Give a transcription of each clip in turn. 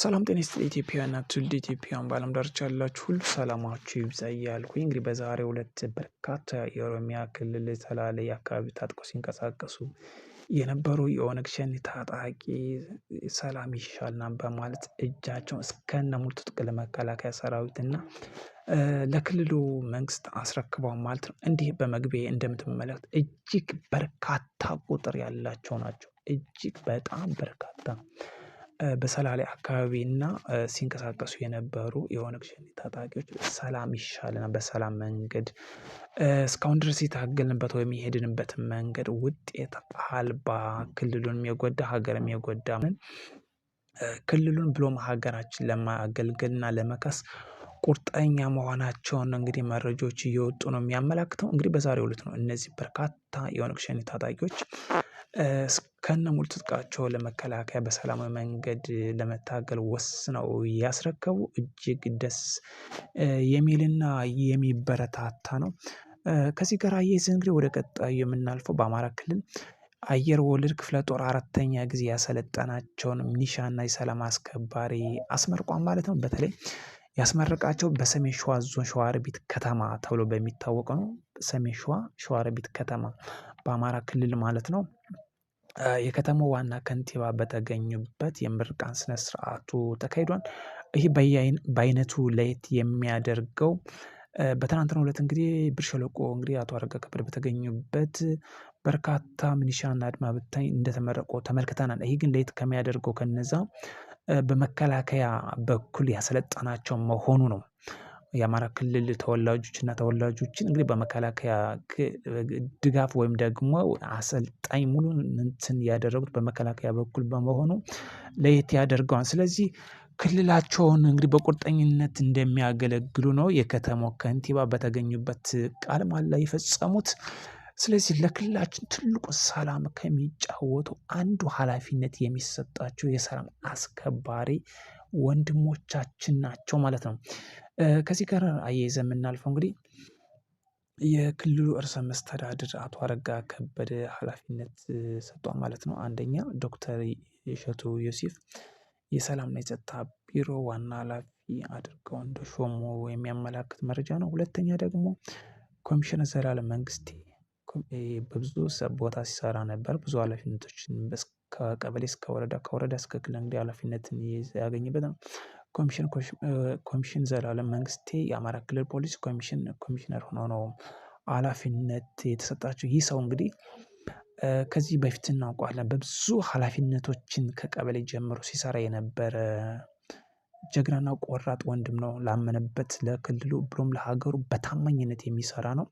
ሰላም ጤና ይስጥልኝ ኢትዮጵያውያንና ትውልድ ኢትዮጵያውያን በዓለም ዳርቻ ያላችሁ ሁሉ ሰላማችሁ ይብዛ እያልኩኝ እንግዲህ በዛሬው ዕለት በርካታ የኦሮሚያ ክልል ተላላይ አካባቢ ታጥቀው ሲንቀሳቀሱ የነበሩ የኦነግ ሸኔ ታጣቂ ሰላም ይሻልና በማለት እጃቸውን እስከነ ሙሉ ትጥቅ ለመከላከያ ሰራዊት ለክልሉ መንግስት አስረክበው ማለት ነው። እንዲህ በመግቢያ እንደምትመለከት እጅግ በርካታ ቁጥር ያላቸው ናቸው። እጅግ በጣም በርካታ በሰላሌ አካባቢና ሲንቀሳቀሱ የነበሩ የኦነግ ሸኔ ታጣቂዎች ሰላም ይሻለናል በሰላም መንገድ እስካሁን ድረስ የታገልንበት ወይም የሄድንበት መንገድ ውጤት አልባ ክልሉን የጎዳ ሀገርም የጎዳ ክልሉን ብሎም ሀገራችን ለማገልገልና ለመካስ ቁርጠኛ መሆናቸውን እንግዲህ መረጃዎች እየወጡ ነው የሚያመላክተው። እንግዲህ በዛሬው ዕለት ነው እነዚህ በርካታ የኦነግ ሸኔ ታጣቂዎች ከነ ትጥቃቸው ለመከላከያ በሰላማዊ መንገድ ለመታገል ወስነው ያስረከቡ እጅግ ደስ የሚልና የሚበረታታ ነው። ከዚህ ጋር አያይዘን እንግዲህ ወደ ቀጣዩ የምናልፈው በአማራ ክልል አየር ወለድ ክፍለ ጦር አራተኛ ጊዜ ያሰለጠናቸውን እና የሰላም አስከባሪ አስመርቋ ማለት ነው። በተለይ ያስመረቃቸው በሰሜን ሸዋ ዞን ሸዋሮቢት ከተማ ተብሎ በሚታወቀው ነው። ሰሜን ሸዋ ሸዋሮቢት ከተማ በአማራ ክልል ማለት ነው። የከተማው ዋና ከንቲባ በተገኙበት የምርቃን ስነ ስርዓቱ ተካሂዷል። ይህ በአይነቱ ለየት የሚያደርገው በትናንትናው እለት እንግዲህ ብር ሸለቆ እንግዲህ አቶ አረጋ ከበደ በተገኙበት በርካታ ሚኒሻና አድማ ብታኝ እንደተመረቆ ተመልክተናል። ይህ ግን ለየት ከሚያደርገው ከነዛ በመከላከያ በኩል ያሰለጠናቸው መሆኑ ነው። የአማራ ክልል ተወላጆች እና ተወላጆችን እንግዲህ በመከላከያ ድጋፍ ወይም ደግሞ አሰልጣኝ ሙሉ እንትን ያደረጉት በመከላከያ በኩል በመሆኑ ለየት ያደርገዋል። ስለዚህ ክልላቸውን እንግዲህ በቁርጠኝነት እንደሚያገለግሉ ነው የከተማው ከንቲባ በተገኙበት ቃለ መሃላ የፈጸሙት። ስለዚህ ለክልላችን ትልቁ ሰላም ከሚጫወቱ አንዱ ኃላፊነት የሚሰጣቸው የሰላም አስከባሪ ወንድሞቻችን ናቸው ማለት ነው። ከዚህ ጋር አያይዘ የምናልፈው እንግዲህ የክልሉ እርሰ መስተዳድር አቶ አረጋ ከበደ ኃላፊነት ሰጥቷል ማለት ነው። አንደኛ ዶክተር የሸቱ ዮሴፍ የሰላምና የጸጥታ ቢሮ ዋና ኃላፊ አድርገው እንደሾሙ የሚያመላክት መረጃ ነው። ሁለተኛ ደግሞ ኮሚሽነር ዘላለም መንግስቴ በብዙ ቦታ ሲሰራ ነበር። ብዙ ኃላፊነቶችን ከቀበሌ እስከ ወረዳ ከወረዳ እስከ ክልል እንግዲህ ኃላፊነትን ያገኝበት ነው። ኮሚሽን ኮሚሽን ዘላለም መንግስቴ የአማራ ክልል ፖሊስ ኮሚሽን ኮሚሽነር ሆኖ ነው ሀላፊነት የተሰጣቸው። ይህ ሰው እንግዲህ ከዚህ በፊት እናውቀዋለን በብዙ ሀላፊነቶችን ከቀበሌ ጀምሮ ሲሰራ የነበረ ጀግናና ቆራጥ ወንድም ነው። ላመነበት ለክልሉ ብሎም ለሀገሩ በታማኝነት የሚሰራ ነው።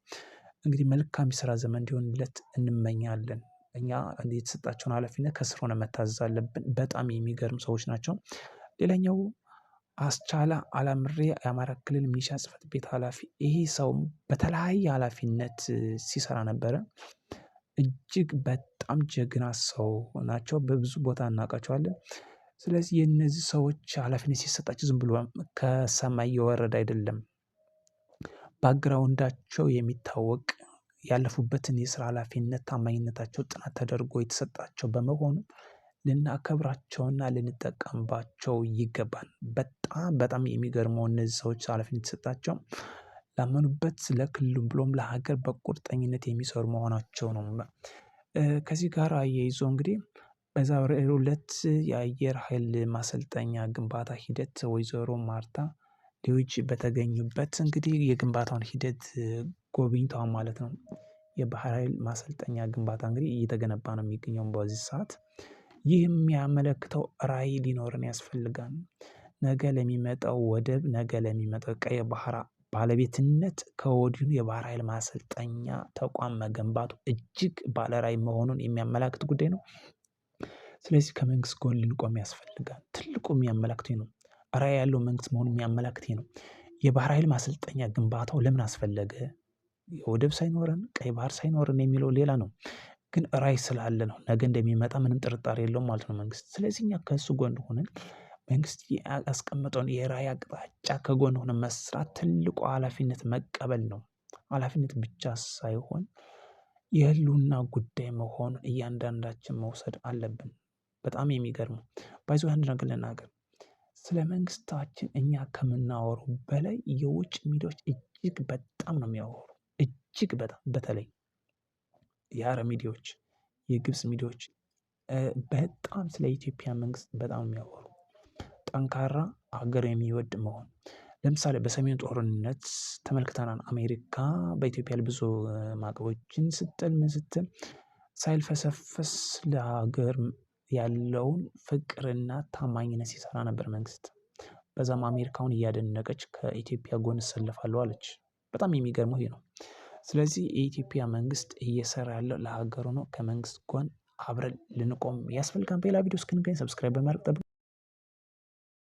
እንግዲህ መልካም የስራ ዘመን እንዲሆንለት እንመኛለን። እኛ የተሰጣቸውን ሀላፊነት ከስር ሆነ መታዘዝ አለብን። በጣም የሚገርም ሰዎች ናቸው። ሌላኛው አስቻለ አላምሬ የአማራ ክልል ሚሊሻ ጽህፈት ቤት ኃላፊ። ይሄ ሰው በተለያየ ኃላፊነት ሲሰራ ነበረ። እጅግ በጣም ጀግና ሰው ናቸው። በብዙ ቦታ እናውቃቸዋለን። ስለዚህ የእነዚህ ሰዎች ኃላፊነት ሲሰጣቸው ዝም ብሎ ከሰማይ የወረደ አይደለም። ባግራውንዳቸው የሚታወቅ ያለፉበትን የስራ ኃላፊነት ታማኝነታቸው ጥናት ተደርጎ የተሰጣቸው በመሆኑ ልናከብራቸውና ልንጠቀምባቸው ይገባል። በጣም በጣም የሚገርመው እነዚህ ሰዎች ሀላፊነት የተሰጣቸው ላመኑበት ለክልሉ ብሎም ለሀገር በቁርጠኝነት የሚሰሩ መሆናቸው ነው። ከዚህ ጋር አያይዞ እንግዲህ በዛ ሁለት የአየር ኃይል ማሰልጠኛ ግንባታ ሂደት ወይዘሮ ማርታ ሌዊጅ በተገኙበት እንግዲህ የግንባታውን ሂደት ጎብኝተዋል ማለት ነው። የባህር ኃይል ማሰልጠኛ ግንባታ እንግዲህ እየተገነባ ነው የሚገኘው በዚህ ሰዓት ይህ የሚያመለክተው ራዕይ ሊኖረን ያስፈልጋል። ነገ ለሚመጣው ወደብ ነገ ለሚመጣው ቀይ ባህር ባለቤትነት ከወዲሁ የባህር ኃይል ማሰልጠኛ ተቋም መገንባቱ እጅግ ባለራዕይ መሆኑን የሚያመላክት ጉዳይ ነው። ስለዚህ ከመንግስት ጎን ልንቆም ያስፈልጋል ትልቁ የሚያመላክት ነው። ራዕይ ያለው መንግስት መሆኑ የሚያመላክት ነው። የባህር ኃይል ማሰልጠኛ ግንባታው ለምን አስፈለገ? ወደብ ሳይኖረን ቀይ ባህር ሳይኖረን የሚለው ሌላ ነው። ግን ራይ ስላለ ነው ነገ እንደሚመጣ ምንም ጥርጣሬ የለውም ማለት ነው መንግስት። ስለዚህ እኛ ከእሱ ጎን ሆነን መንግስት ያስቀመጠውን የራይ አቅጣጫ ከጎን ሆነ መስራት ትልቁ ሀላፊነት መቀበል ነው። ሀላፊነት ብቻ ሳይሆን የህልውና ጉዳይ መሆኑን እያንዳንዳችን መውሰድ አለብን። በጣም የሚገርመው ባይዞ አንድ ነገር ልናገር ስለ መንግስታችን እኛ ከምናወሩ በላይ የውጭ ሚዲያዎች እጅግ በጣም ነው የሚያወሩ እጅግ በጣም በተለይ የአረብ ሚዲያዎች፣ የግብፅ ሚዲያዎች በጣም ስለ ኢትዮጵያ መንግስት በጣም የሚያወሩ ጠንካራ ሀገር የሚወድ መሆን ለምሳሌ በሰሜኑ ጦርነት ተመልክተናል። አሜሪካ በኢትዮጵያ ብዙ ማዕቀቦችን ስትጥል ሳይልፈሰፈስ ለሀገር ያለውን ፍቅርና ታማኝነት ሲሰራ ነበር መንግስት። በዛም አሜሪካውን እያደነቀች ከኢትዮጵያ ጎን እሰለፋለሁ አለች። በጣም የሚገርመው ይሄ ነው። ስለዚህ የኢትዮጵያ መንግስት እየሰራ ያለው ለሀገሩ ነው። ከመንግስት ጎን አብረን ልንቆም ያስፈልጋል። በሌላ ቪዲዮ እስክንገኝ ሰብስክራይብ በማድረግ ጠብቁን